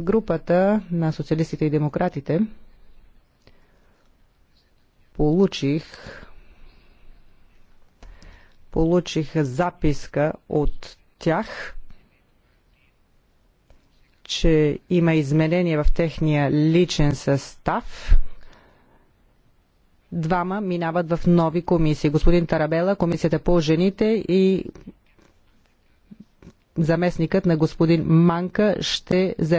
Групата на социалистите и демократите получих получих записка от тях, че има изменения в техния личен състав. Двама минават в нови комисии. Господин Тарабела, комисията по жените и заместникът на господин Манка ще вземе